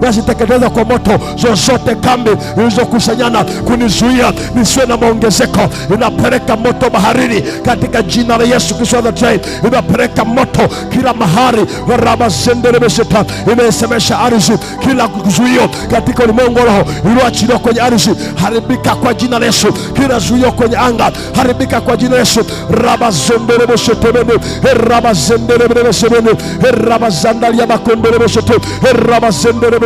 basi teketeza kwa moto zozote kambi zilizokusanyana kunizuia nisiwe na maongezeko. Inapeleka moto baharini katika jina la Yesu Kristo wa Nazareti. Inapeleka moto kila mahali warabazenderebeseta, imesemesha ardhi kila zuio katika ulimwengu roho iliyoachiliwa kwenye ardhi haribika kwa jina la Yesu. Kila zuio kwenye anga haribika kwa jina la Yesu. raba raba zenderebesetemeni rabazenderebeshetemene rabazenderebesebene rabazandalia raba zenderebe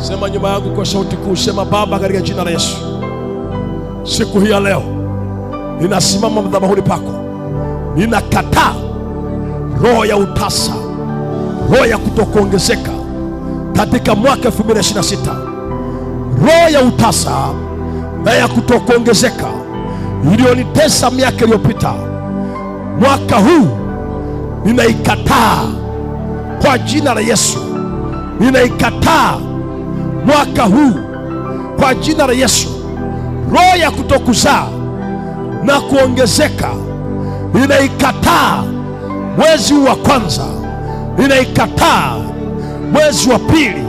Sema nyuma yangu kwa sauti kuu, sema Baba, katika jina la Yesu, siku hii ya leo ninasimama madhabahuni pako, ninakataa roho ya utasa, roho ya kutokuongezeka katika mwaka 2026, roho ya utasa na ya kutokuongezeka iliyonitesa miaka iliyopita, mwaka huu ninaikataa kwa jina la Yesu, ninaikataa mwaka huu kwa jina la Yesu. Roho ya kutokuzaa na kuongezeka inaikataa mwezi wa kwanza, inaikataa mwezi wa pili,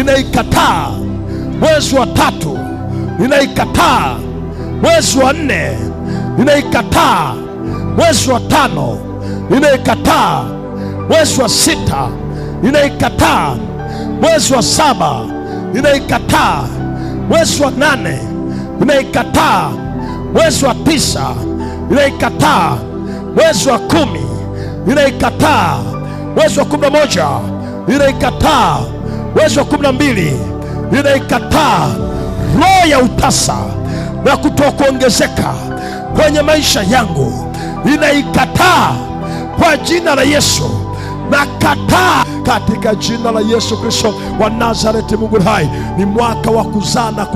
inaikataa mwezi wa tatu, inaikataa mwezi wa nne, inaikataa mwezi wa tano, inaikataa mwezi wa sita, inaikataa mwezi wa saba ninaikataa mwezi wa nane, ninaikataa mwezi wa tisa, ninaikataa mwezi wa kumi, ninaikataa mwezi wa kumi na moja, ninaikataa mwezi wa kumi na mbili, ninaikataa roho ya utasa na kuongezeka kwenye maisha yangu, ninaikataa kwa jina la Yesu nakataa katika jina la Yesu Kristo wa Nazareti. Mungu hai, ni mwaka wa kuzaa na